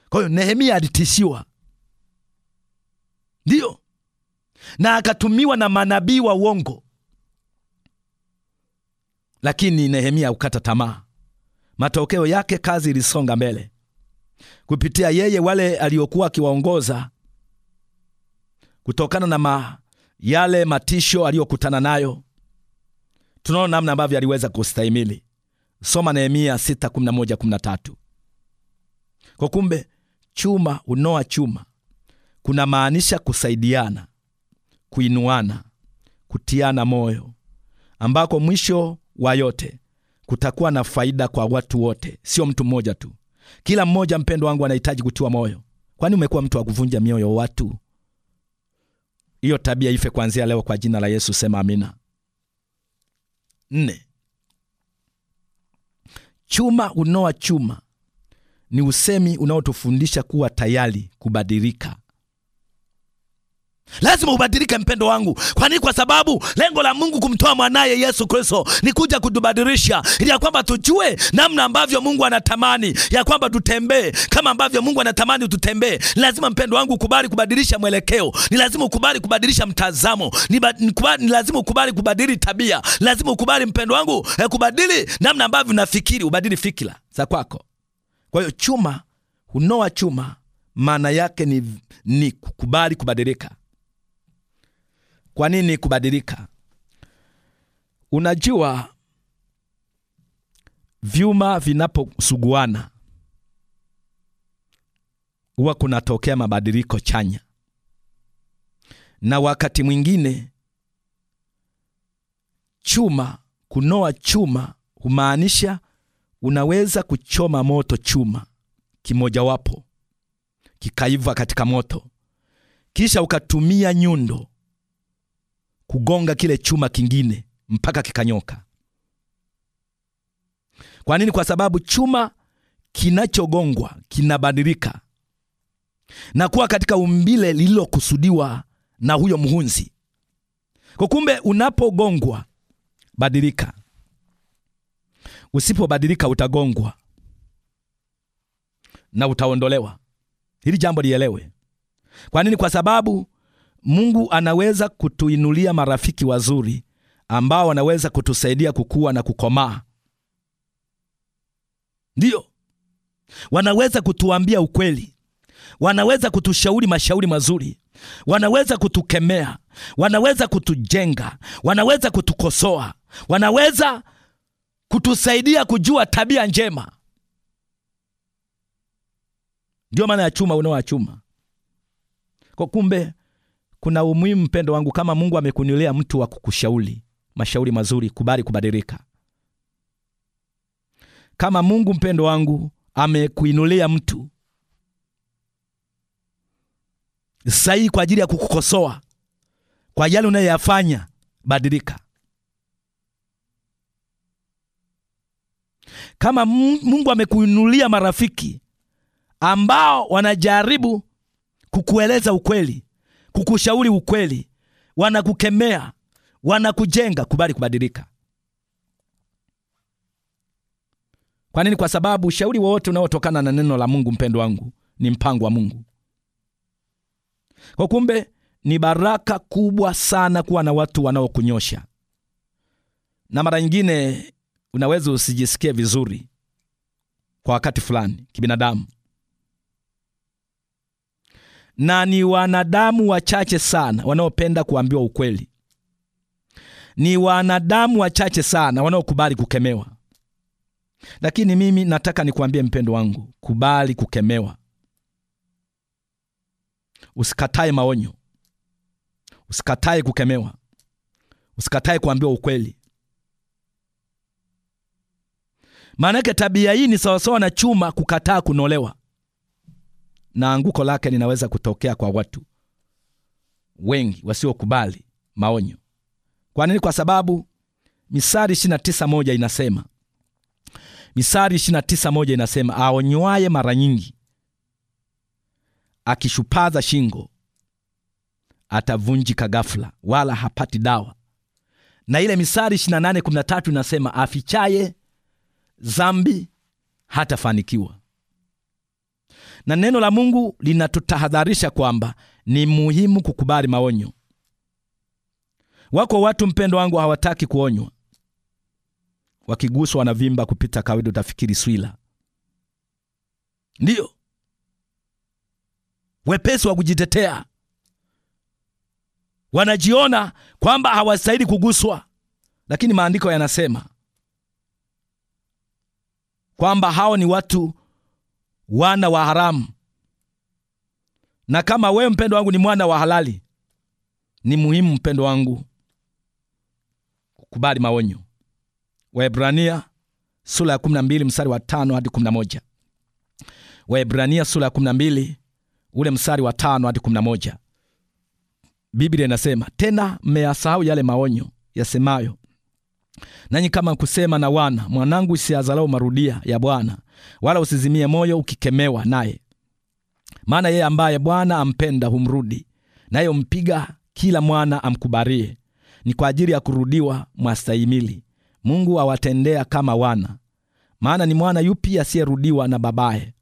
B: Kwa hiyo Nehemia alitishiwa, ndiyo, na akatumiwa na manabii wa uongo, lakini Nehemia hukata tamaa. Matokeo yake kazi ilisonga mbele kupitia yeye wale aliokuwa akiwaongoza kutokana na ma, yale matisho aliyokutana nayo. Tunaona namna ambavyo aliweza kustahimili. Soma Nehemia 6:11-13. Kwa kumbe chuma unoa chuma kuna maanisha kusaidiana, kuinuana, kutiana moyo, ambako mwisho wa yote kutakuwa na faida kwa watu wote, sio mtu mmoja tu. Kila mmoja mpendo wangu anahitaji kutiwa moyo. Kwani umekuwa mtu wa kuvunja mioyo watu? Hiyo tabia ife kuanzia leo kwa jina la Yesu, sema amina. Nne, chuma unoa chuma ni usemi unaotufundisha kuwa tayari kubadilika Lazima ubadilike mpendo wangu. Kwa nini? Kwa sababu lengo la Mungu kumtoa mwanaye Yesu Kristo ni kuja kutubadilisha ili ya kwamba tujue namna ambavyo Mungu anatamani ya kwamba tutembee kama ambavyo Mungu anatamani tutembee. Lazima mpendo wangu ukubali kubadilisha mwelekeo, ni lazima ukubali kubadilisha mtazamo, ni, ni lazima ukubali kubadili tabia, lazima ukubali mpendo wangu eh, kubadili namna ambavyo unafikiri, ubadili fikira za kwako. Kwa hiyo chuma, hunoa chuma, maana yake ni, ni kukubali kubadilika kwa nini kubadilika? Unajua, vyuma vinaposuguana huwa kunatokea mabadiliko chanya, na wakati mwingine chuma, kunoa chuma humaanisha unaweza kuchoma moto chuma kimojawapo kikaiva katika moto, kisha ukatumia nyundo kugonga kile chuma kingine mpaka kikanyoka. Kwa nini? Kwa sababu chuma kinachogongwa kinabadilika na kuwa katika umbile lililokusudiwa na huyo mhunzi. Kwa kumbe, unapogongwa badilika, usipobadilika utagongwa na utaondolewa. Hili jambo lielewe. Kwa nini? Kwa sababu Mungu anaweza kutuinulia marafiki wazuri ambao wanaweza kutusaidia kukua na kukomaa. Ndiyo, wanaweza kutuambia ukweli, wanaweza kutushauri mashauri mazuri, wanaweza kutukemea, wanaweza kutujenga, wanaweza kutukosoa, wanaweza kutusaidia kujua tabia njema. Ndiyo maana ya chuma unaoachuma kwa kumbe kuna umuhimu mpendo wangu, kama Mungu amekunulia mtu wa kukushauri mashauri mazuri, kubali kubadilika. Kama Mungu mpendo wangu amekuinulia mtu sahihi kwa ajili ya kukukosoa kwa yale unayoyafanya, badilika. Kama Mungu amekuinulia marafiki ambao wanajaribu kukueleza ukweli, kukushauri ukweli, wanakukemea, wanakujenga. Kubali kubadilika. Kwa nini? Kwa sababu ushauri wowote unaotokana na neno la Mungu, mpendo wangu, ni mpango wa Mungu. Kwa kumbe, ni baraka kubwa sana kuwa na watu wanaokunyosha, na mara nyingine unaweza usijisikie vizuri kwa wakati fulani kibinadamu, na ni wanadamu wachache sana wanaopenda kuambiwa ukweli. Ni wanadamu wachache sana wanaokubali kukemewa. Lakini mimi nataka nikuambie mpendo wangu, kubali kukemewa. Usikatae maonyo, usikatae kukemewa, usikatae kuambiwa ukweli. Maanake tabia hii ni sawasawa na chuma kukataa kunolewa na anguko lake linaweza kutokea kwa watu wengi wasiokubali maonyo. Kwa nini? Kwa sababu Misari 29:1 inasema, Misari 29:1 inasema, aonywaye mara nyingi akishupaza shingo atavunjika ghafula wala hapati dawa. Na ile Misari 28:13 inasema, afichaye zambi hatafanikiwa na neno la Mungu linatutahadharisha kwamba ni muhimu kukubali maonyo. Wako watu mpendo wangu hawataki kuonywa, wakiguswa wanavimba kupita kawaida, utafikiri swila. Ndiyo wepesi wa kujitetea, wanajiona kwamba hawastahili kuguswa, lakini maandiko yanasema kwamba hao ni watu wana wa haramu, na kama wewe mpendo wangu ni mwana wa halali, ni muhimu mpendo wangu kukubali maonyo. Waebrania sura ya 12 mstari wa 5 hadi 11. Waebrania sura ya 12 ule mstari wa 5 hadi 11. Biblia inasema tena, mmeyasahau yale maonyo yasemayo, nanyi kama kusema na wana mwanangu, isiazalao marudia ya Bwana wala usizimie moyo ukikemewa naye, maana yeye ambaye Bwana ampenda humrudi, naye umpiga kila mwana amkubarie. Ni kwa ajili ya kurudiwa mwastahimili. Mungu awatendea kama wana. Maana ni mwana yupi asiyerudiwa na babaye?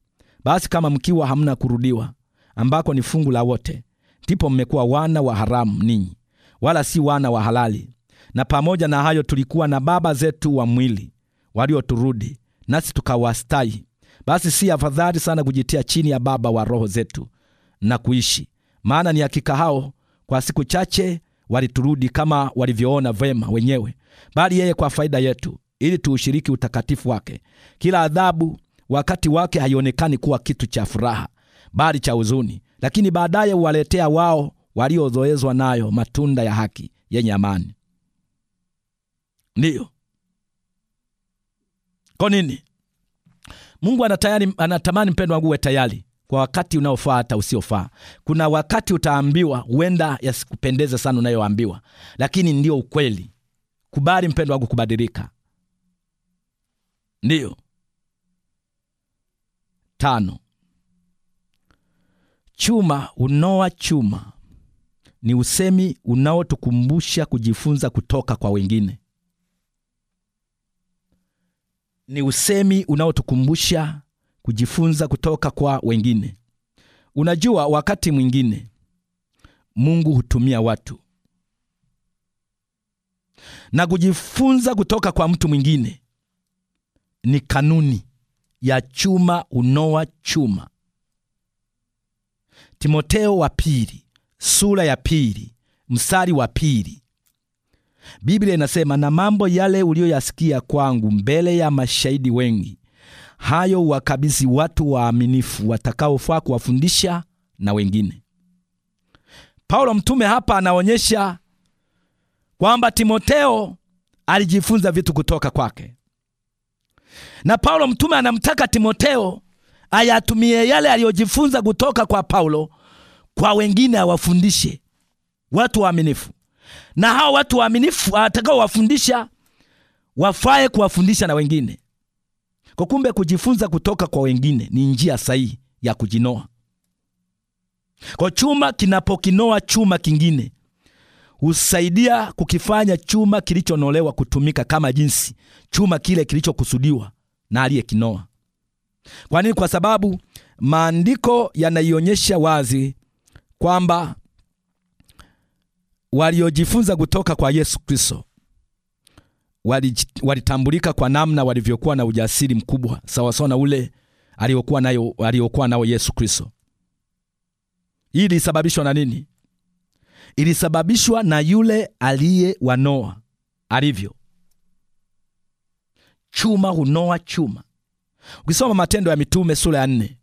B: Basi kama mkiwa hamna kurudiwa, ambako ni fungu la wote, ndipo mmekuwa wana wa haramu ninyi, wala si wana wa halali. Na pamoja na hayo tulikuwa na baba zetu wa mwili walioturudi nasi tukawastahi, basi si afadhali sana kujitia chini ya Baba wa roho zetu na kuishi? Maana ni hakika hao kwa siku chache waliturudi kama walivyoona vema wenyewe, bali yeye kwa faida yetu, ili tuushiriki utakatifu wake. Kila adhabu wakati wake haionekani kuwa kitu cha furaha, bali cha huzuni, lakini baadaye huwaletea wao waliozoezwa nayo matunda ya haki yenye amani. Ndiyo, kwa nini? Mungu anatayari, anatamani mpendo wangu uwe tayari kwa wakati unaofaa hata usiofaa. Kuna wakati utaambiwa, huenda yasikupendeze sana unayoambiwa, lakini ndio ukweli. Kubali mpendo wangu kubadilika. Ndiyo tano, chuma unoa chuma ni usemi unaotukumbusha kujifunza kutoka kwa wengine ni usemi unaotukumbusha kujifunza kutoka kwa wengine. Unajua, wakati mwingine Mungu hutumia watu na kujifunza kutoka kwa mtu mwingine ni kanuni ya chuma unoa chuma. Timoteo wa pili sura ya pili mstari wa pili Biblia inasema, na mambo yale uliyoyasikia kwangu mbele ya mashahidi wengi, hayo uwakabizi watu waaminifu watakaofaa kuwafundisha na wengine. Paulo mtume hapa anaonyesha kwamba Timoteo alijifunza vitu kutoka kwake, na Paulo mtume anamtaka Timoteo ayatumie yale aliyojifunza kutoka kwa Paulo kwa wengine, awafundishe watu waaminifu na hao watu waaminifu ah, atakao wafundisha wafae kuwafundisha na wengine. Kwa kumbe, kujifunza kutoka kwa wengine ni njia sahihi ya kujinoa. Kwa chuma kinapokinoa chuma kingine husaidia kukifanya chuma kilichonolewa kutumika kama jinsi chuma kile kilichokusudiwa na aliyekinoa. Kwa nini? Kwa sababu maandiko yanaionyesha wazi kwamba waliojifunza kutoka kwa Yesu Kristo walitambulika kwa namna walivyokuwa na ujasiri mkubwa sawasawa na ule aliokuwa nayo aliokuwa nao Yesu Kristo. Hii ilisababishwa na nini? Ilisababishwa na yule aliye aliyewanoa alivyo. Chuma hunoa chuma. Ukisoma Matendo ya Mitume sura ya nne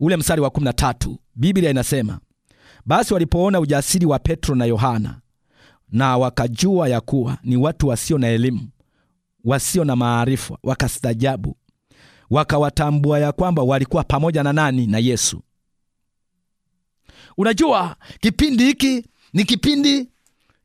B: ule msali wa 13, Biblia inasema basi walipoona ujasiri wa Petro na Yohana na wakajua ya kuwa ni watu wasio na elimu, wasio na maarifa, wakastajabu, wakawatambua ya kwamba walikuwa pamoja na nani? Na Yesu. Unajua, kipindi hiki ni kipindi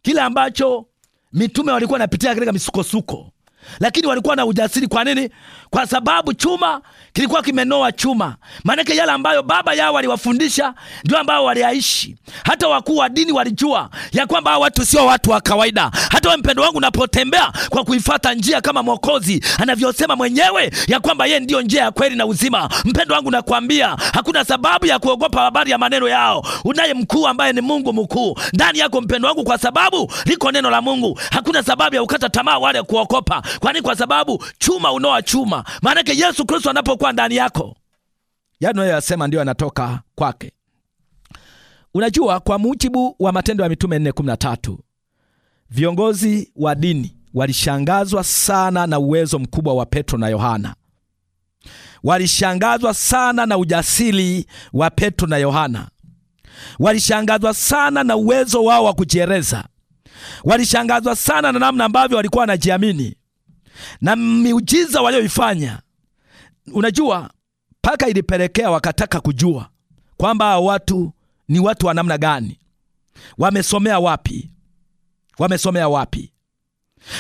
B: kile ambacho mitume walikuwa wanapitia katika misukosuko, lakini walikuwa na ujasiri. Kwa nini? Kwa sababu chuma kilikuwa kimenoa chuma. Maanake yale ambayo baba yao waliwafundisha ndio ambao waliaishi. Hata wakuu wa dini walijua ya kwamba hao watu sio watu wa kawaida. Hata we mpendo wangu, unapotembea kwa kuifata njia kama Mwokozi anavyosema mwenyewe ya kwamba yeye ndiyo njia ya kweli na uzima, mpendo wangu, nakwambia hakuna sababu ya kuogopa habari ya maneno yao. Unaye mkuu ambaye ni Mungu mkuu ndani yako, mpendo wangu, kwa sababu liko neno la Mungu. Hakuna sababu ya kukata tamaa wale kuokopa Kwani kwa sababu chuma unoa chuma, maanake Yesu Kristo anapokuwa ndani yako yanayoyasema yaani ndiyo yanatoka kwake. Unajua, kwa mujibu wa Matendo ya Mitume 4:13 viongozi wa dini walishangazwa sana na uwezo mkubwa wa Petro na Yohana. Walishangazwa sana na ujasiri wa Petro na Yohana. Walishangazwa sana na uwezo wao wa kujieleza. Walishangazwa sana na namna ambavyo walikuwa wanajiamini na miujiza walioifanya, unajua mpaka ilipelekea wakataka kujua kwamba watu ni watu wa namna gani, wamesomea wapi, wamesomea wapi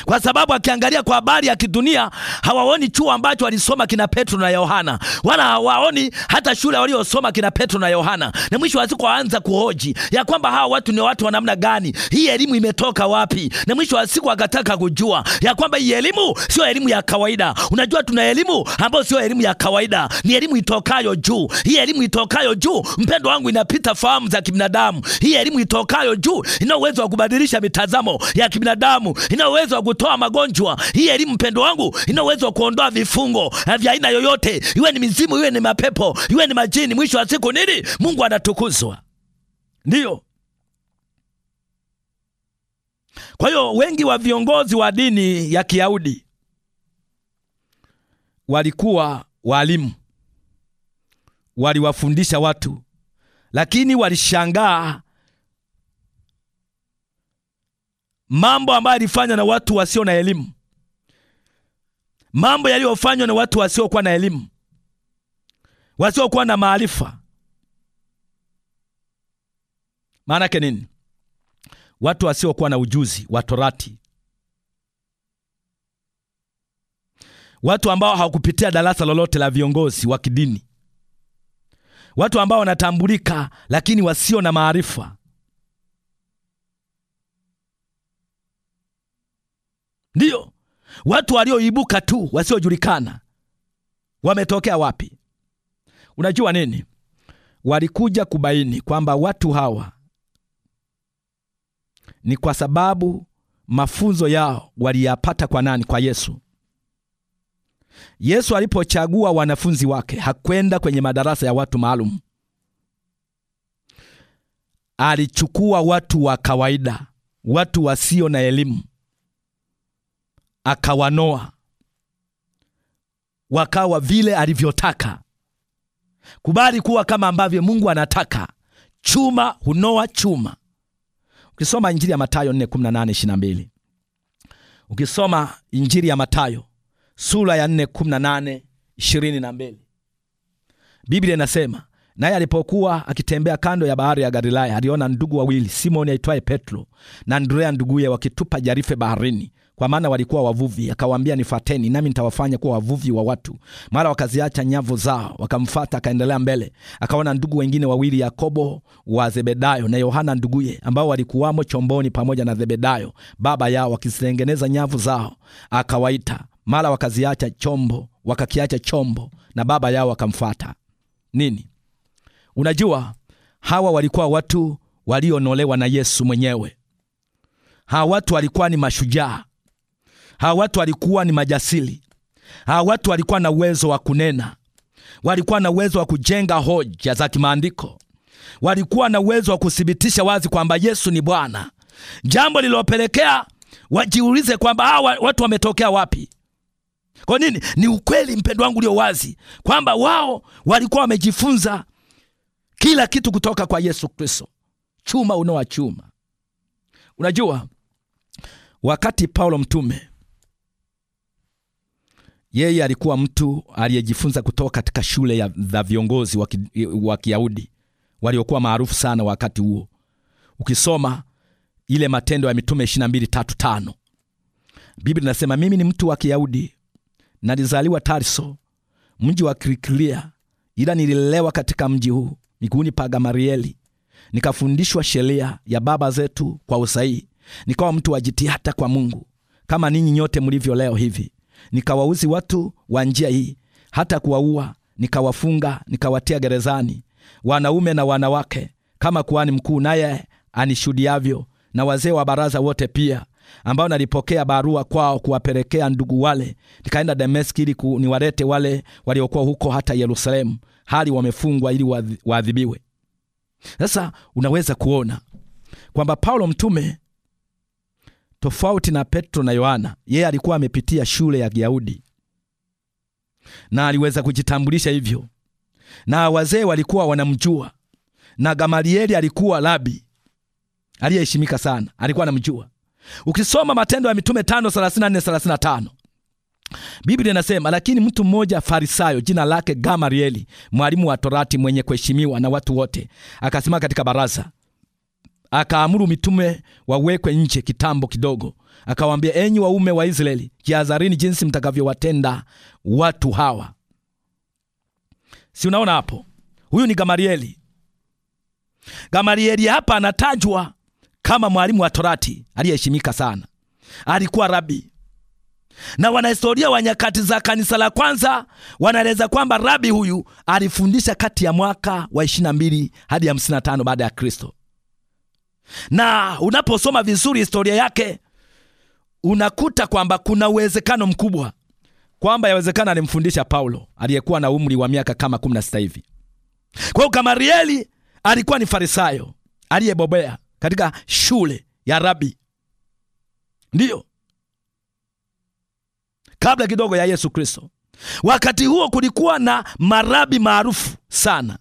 B: kwa sababu akiangalia kwa habari ya kidunia hawaoni chuo ambacho walisoma kina Petro na Yohana, wala hawaoni hata shule waliosoma kina Petro na Yohana, na mwisho wa siku waanza kuhoji ya kwamba hawa watu ni watu wa namna gani, hii elimu imetoka wapi? Na mwisho wa siku akataka kujua ya kwamba hii elimu sio elimu ya kawaida. Unajua, tuna elimu ambayo sio elimu ya kawaida, ni elimu itokayo juu. Hii elimu itokayo juu, mpendo wangu, inapita fahamu za kibinadamu. Hii elimu itokayo juu ina uwezo wa kubadilisha mitazamo ya kibinadamu, ina uwezo uwezo wa kutoa magonjwa. Hii elimu mpendo wangu ina uwezo wa kuondoa vifungo eh, vya aina yoyote, iwe ni mizimu, iwe ni mapepo, iwe ni majini. Mwisho wa siku nini? Mungu anatukuzwa, ndiyo. Kwa hiyo wengi wa viongozi wa dini ya Kiyahudi walikuwa walimu, waliwafundisha watu, lakini walishangaa mambo ambayo alifanywa na watu wasio na elimu, mambo yaliyofanywa na watu wasiokuwa na elimu, wasiokuwa na maarifa. Maanake nini? Watu wasiokuwa na ujuzi wa Torati, watu ambao hawakupitia darasa lolote la viongozi wa kidini, watu ambao wanatambulika lakini wasio na maarifa. Ndiyo, watu walioibuka tu wasiojulikana wametokea wapi? Unajua nini? Walikuja kubaini kwamba watu hawa ni kwa sababu mafunzo yao waliyapata kwa nani? Kwa Yesu. Yesu alipochagua wanafunzi wake hakwenda kwenye madarasa ya watu maalum. Alichukua watu wa kawaida, watu wasio na elimu, akawanoa wakawa vile alivyotaka. Kubali kuwa kama ambavyo Mungu anataka. Chuma hunoa chuma. Ukisoma Injili ya Mathayo 4:18-22. Ukisoma Injili ya Mathayo sura ya 4:18-22. Biblia inasema, naye alipokuwa akitembea kando ya bahari ya Galilaya, aliona ndugu wawili, Simoni aitwaye Petro na Andrea nduguye, wakitupa jarife baharini, kwa maana walikuwa wavuvi. Akawaambia, nifateni nami nitawafanya kuwa wavuvi wa watu. Mara wakaziacha nyavu zao wakamfata. Akaendelea mbele, akaona ndugu wengine wawili, Yakobo wa Zebedayo na Yohana nduguye, ambao walikuwamo chomboni pamoja na Zebedayo baba yao, wakizitengeneza nyavu zao. Akawaita. Mara wakaziacha chombo, wakakiacha chombo na baba yao wakamfata. Nini? Unajua, hawa walikuwa watu walionolewa na Yesu mwenyewe. Hawa watu walikuwa ni mashujaa Hawa watu walikuwa ni majasiri. Hawa watu walikuwa na uwezo wa kunena, walikuwa na uwezo wa kujenga hoja za kimaandiko, walikuwa na uwezo wa kuthibitisha wazi kwamba Yesu ni Bwana, jambo lililopelekea wajiulize kwamba hawa watu wametokea wapi. Kwa nini? Ni ukweli mpendo wangu ulio wazi kwamba wao walikuwa wamejifunza kila kitu kutoka kwa Yesu Kristo, chuma unowa chuma. Unajua, wakati Paulo mtume yeye alikuwa mtu aliyejifunza kutoka katika shule za viongozi wa Kiyahudi waliokuwa maarufu sana wakati huo. Ukisoma ile Matendo ya Mitume 22:35 Biblia inasema, mimi ni mtu wa Kiyahudi, nalizaliwa Tarso, mji wa kirikilia ila nililelewa katika mji huu miguuni pa gamarieli nikafundishwa sheria ya baba zetu kwa usahihi, nikawa mtu wa jitihada kwa Mungu kama ninyi nyote mlivyo leo hivi nikawauzi watu wa njia hii, hata kuwaua, nikawafunga, nikawatia gerezani, wanaume na wanawake, kama kuhani mkuu naye anishuhudiavyo, na wazee wa baraza wote pia ambao nalipokea barua kwao kuwapelekea ndugu wale. Nikaenda Dameski ili niwalete wale waliokuwa huko hata Yerusalemu, hali wamefungwa ili waadhibiwe. Sasa unaweza kuona kwamba Paulo mtume Tofauti na Petro na Yohana, yeye alikuwa amepitia shule ya Kiyahudi na aliweza kujitambulisha hivyo, na wazee walikuwa wanamjua, na Gamalieli alikuwa rabi aliyeheshimika sana, alikuwa anamjua. Ukisoma Matendo ya Mitume 5:34-35 Biblia inasema, lakini mtu mmoja Farisayo jina lake Gamalieli, mwalimu wa Torati, mwenye kuheshimiwa na watu wote, akasimama katika baraza akaamuru mitume wawekwe nje kitambo kidogo, akawaambia, enyi waume wa Israeli, jihadharini jinsi mtakavyowatenda watu hawa. Si unaona hapo, huyu ni Gamalieli. Gamalieli hapa anatajwa kama mwalimu wa Torati aliyeheshimika sana, alikuwa rabi, na wanahistoria wa nyakati za kanisa la kwanza wanaeleza kwamba rabi huyu alifundisha kati ya mwaka wa 22 hadi 55 baada ya Kristo na unaposoma vizuri historia yake unakuta kwamba kuna uwezekano mkubwa kwamba yawezekana alimfundisha Paulo aliyekuwa na umri wa miaka kama kumi na sita hivi. Kwa hiyo Gamalieli alikuwa ni Farisayo aliyebobea katika shule ya rabi, ndiyo kabla kidogo ya Yesu Kristo. Wakati huo kulikuwa na marabi maarufu sana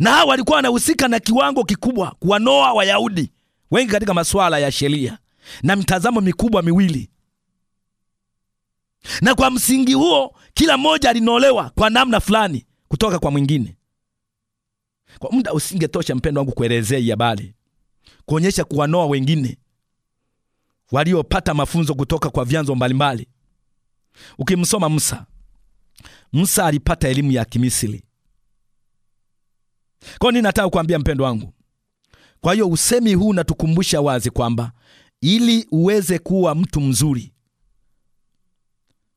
B: na hawa walikuwa wanahusika na kiwango kikubwa kuwanoa Wayahudi wengi katika masuala ya sheria na mitazamo mikubwa miwili, na kwa msingi huo kila mmoja alinolewa kwa namna fulani kutoka kwa mwingine. Kwa muda usingetosha, mpendo wangu, kuelezea hii habari, kuonyesha kuwanoa wengine waliopata mafunzo kutoka kwa vyanzo mbalimbali. Ukimsoma Musa, Musa alipata elimu ya Kimisri kwa nini nataka kuambia mpendo wangu? Kwa hiyo usemi huu unatukumbusha wazi kwamba ili uweze kuwa mtu mzuri,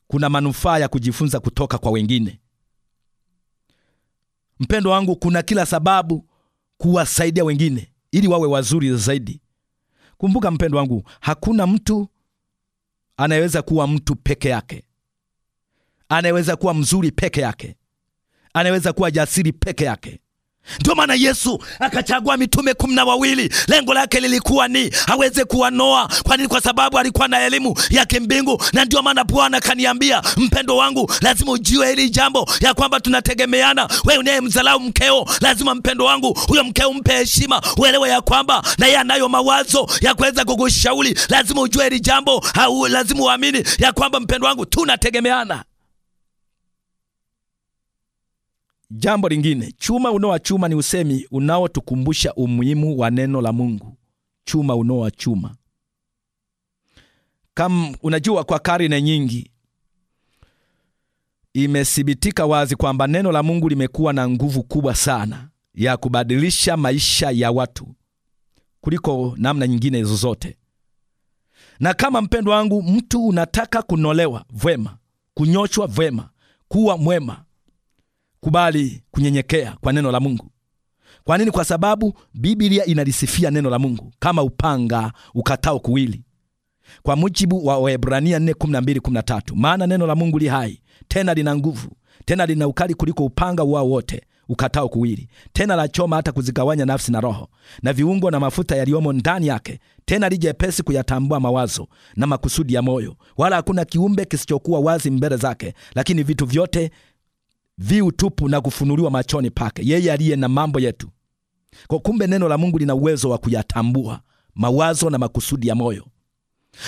B: kuna manufaa ya kujifunza kutoka kwa wengine. Mpendo wangu, kuna kila sababu kuwasaidia wengine ili wawe wazuri zaidi. Kumbuka mpendo wangu, hakuna mtu anayeweza kuwa mtu peke yake, anayeweza kuwa mzuri peke yake, anayeweza kuwa jasiri peke yake. Ndio maana Yesu akachagua mitume kumi na wawili. Lengo lake lilikuwa ni aweze kuwanoa. Kwa nini? Kwa sababu alikuwa na elimu ya kimbingu, na ndio maana Bwana kaniambia, mpendo wangu, lazima ujue hili jambo ya kwamba tunategemeana. Wewe mzalau mkeo, lazima mpendo wangu, huyo mkeo mpe heshima, uelewe ya kwamba na yeye anayo mawazo ya kuweza kukushauri. Lazima ujue hili jambo lazima uamini ya kwamba mpendo wangu, tunategemeana. Jambo lingine, chuma unoa chuma ni usemi unaotukumbusha umuhimu wa neno la Mungu. Chuma unoa chuma. Kama unajua, kwa karine nyingi imethibitika wazi kwamba neno la Mungu limekuwa na nguvu kubwa sana ya kubadilisha maisha ya watu kuliko namna nyingine zozote. Na kama mpendo wangu, mtu unataka kunolewa vwema kunyoshwa vwema kuwa mwema kubali kunyenyekea kwa neno la Mungu. Kwa nini? Kwa sababu Biblia inalisifia neno la Mungu kama upanga ukatao kuwili, kwa mujibu wa Waebrania 4:12-13, maana neno la Mungu li hai tena lina nguvu tena lina ukali kuliko upanga wao wote ukatao kuwili, tena la choma hata kuzigawanya nafsi na roho na viungo na mafuta yaliyomo ndani yake, tena li jepesi kuyatambua mawazo na makusudi ya moyo, wala hakuna kiumbe kisichokuwa wazi mbele zake, lakini vitu vyote viu tupu na kufunuliwa machoni pake, yeye aliye na mambo yetu. Kwa kumbe, neno la Mungu lina uwezo wa kuyatambua mawazo na makusudi ya moyo.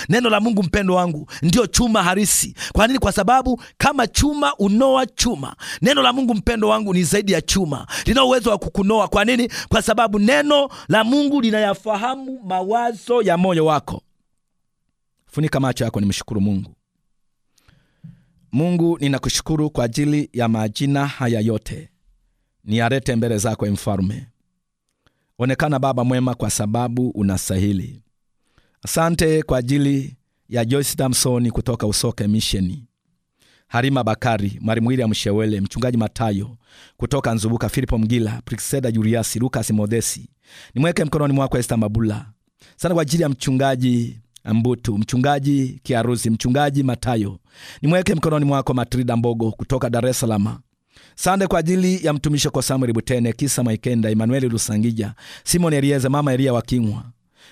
B: Neno la Mungu, mpendo wangu, ndio chuma harisi. Kwa nini? Kwa sababu kama chuma unoa chuma, neno la Mungu, mpendo wangu, ni zaidi ya chuma, lina uwezo wa kukunoa. Kwa nini? Kwa sababu neno la Mungu linayafahamu mawazo ya moyo wako. Funika macho yako, ni mshukuru Mungu. Mungu ninakushukuru kwa ajili ya majina haya yote, niyalete mbele zako mfalume Onekana baba mwema, kwa sababu unastahili. Asante kwa ajili ya Joyce Damsoni kutoka Usoke Misheni, Harima Bakari, Mwalimu William Shewele, Mchungaji Matayo kutoka Nzubuka, Filipo Mgila, prikseda Juliasi, lukasi Modesi, nimweke mkononi mwako Esta Mabula. Sana kwa ajili ya mchungaji Mbutu, mchungaji Kiarusi, mchungaji Matayo. Nimweke mkononi mwako Matrida Mbogo kutoka Dar es Salaam. Sande kwa ajili ya mtumishi wako Samuel Butene, Kisa Maikenda, emanueli Lusangija, Simon erieze Mama eria Wakingwa.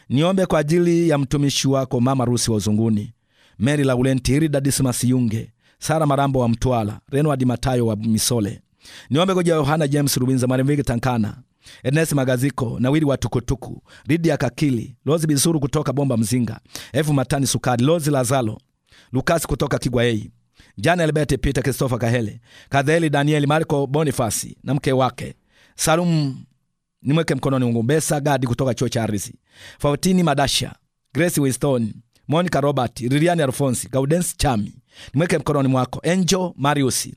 B: Niombe kwa ajili ya mtumishi wako Mama Rusi wa Uzunguni, meri laulenti Irida Dismas Yunge, Sara Marambo wa Mtwala, Renwadi Matayo wa Misole. Niombe kwa Yohana James Rubinza, Marimvigi Tankana Ernest Magaziko, Nawili wa Tukutuku, Lidia Kakili, Lozi Bisuru kutoka Bomba Mzinga, Efu Matani Sukari, Lozi Lazalo, Lukasi kutoka Kigwa Kigwaei, Jan Elbert Peter, Kristofa Kahele, Kadheli Danieli, Marco Bonifasi na mke wake Salum, nimweke mkononi wangu, Besa Gadi kutoka chuo cha Arisi, Fautini Madasha, Grace Winston, Monica Robert, Liliani Alfonsi, Gaudens Chami, nimweke mkononi mwako, Angel Mariusi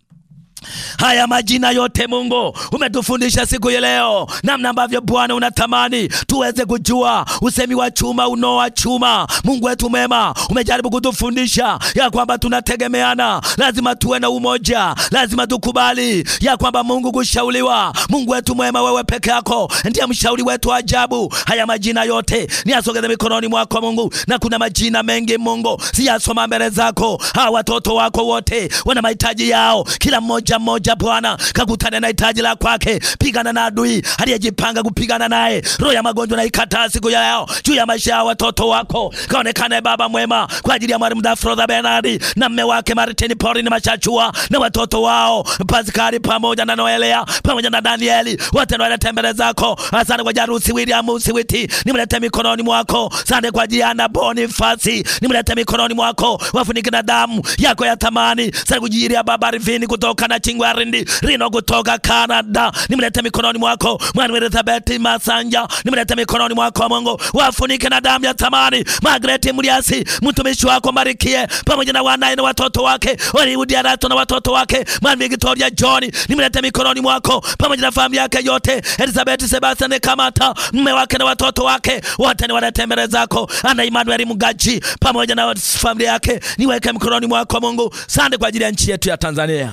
B: Haya majina yote Mungu umetufundisha siku ya leo, namna ambavyo Bwana unatamani tuweze kujua usemi wa chuma unoa chuma. Mungu wetu mema, umejaribu kutufundisha ya kwamba tunategemeana, lazima tuwe na umoja, lazima tukubali ya kwamba Mungu kushauliwa. Mungu wetu mwema, wewe peke yako ndiye mshauri wetu ajabu. Haya majina yote ni niasogeze mikononi mwako Mungu, na kuna majina mengi Mungu siyasoma mbele zako. Hawa watoto wako wote wana mahitaji yao, kila mmoja mmoja mmoja, Bwana kakutane na hitaji la kwake. Pigana na adui aliyejipanga kupigana naye. Roho ya magonjwa na ikataa siku ya leo juu ya maisha ya watoto wako. Kaonekane Baba mwema kwa ajili ya mwalimu Dafrodha Bernardi na mme wake Martin Porini Mashachua na watoto wao Paskari pamoja na Noelea pamoja na Danieli wote wanatembea tembele zako. Asante kwa Jarusi William Siwiti, nimlete mikononi mwako. Asante kwa Jiana Bonifasi, nimlete mikononi mwako, wafunike na damu yako ya thamani. Asante kwa Jiria Baba Rivini kutoka na chingwa rindi rino kutoka Canada, nimlete mikononi mwako mwana Elizabeth Masanja, nimlete mikononi mwako Mungu, wafunike na damu ya thamani. Margaret Mliasi, mtumishi wako mbarikie, pamoja na wanae na watoto wake, Waliudi Arato na watoto wake, mwana Victoria John, nimlete mikononi mwako pamoja na familia yake yote, Elizabeth Sebastian Kamata, mume wake na watoto wake wote, niwalete mbele zako. Ana Emmanuel Mugaji pamoja na familia yake, niweke mikononi mwako Mungu. Sande kwa ajili ya nchi yetu ya Tanzania.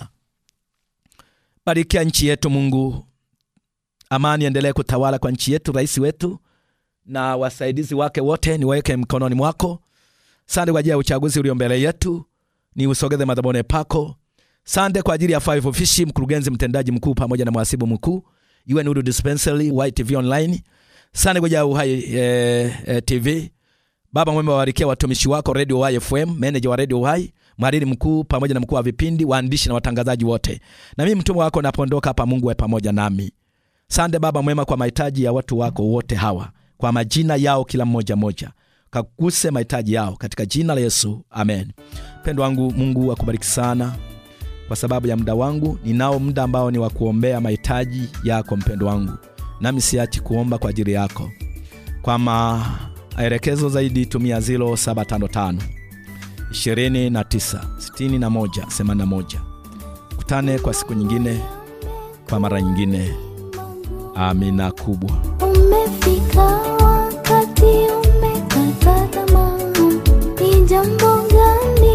B: Barikia nchi yetu Mungu, amani endelee kutawala kwa nchi yetu. Rais wetu na wasaidizi wake wote niwaweke mkononi mwako. Sande kwa ajili ya uchaguzi ulio mbele yetu, ni usogeze madhabone pako. Sande kwa ajili ya Five Ofishi, mkurugenzi mtendaji mkuu pamoja na mhasibu mkuu, iwe Nuru Dispensary, YTV Online. Sande kwa ajili ya Uhai eh, eh, TV. Baba mwema, wabarikia watumishi wako Radio YFM, FM, meneja wa Radio Uhai mhariri mkuu pamoja na mkuu wa vipindi, waandishi na watangazaji wote. Na mimi mtumwa wako napoondoka hapa, Mungu awe pamoja nami. Sande Baba mwema kwa mahitaji ya watu wako wote hawa, kwa majina yao kila mmoja moja, kaguse mahitaji yao katika jina la Yesu, amen. Mpendo wangu, Mungu akubariki sana. Kwa sababu ya muda wangu, ninao muda ambao ni wa kuombea mahitaji yako, mpendo wangu, nami siachi kuomba kwa ajili yako. Kwa maelekezo zaidi tumia 0755 29 Kutane kwa siku nyingine, kwa mara nyingine. Amina kubwa.
C: Umefika wakati, ni jambo gani?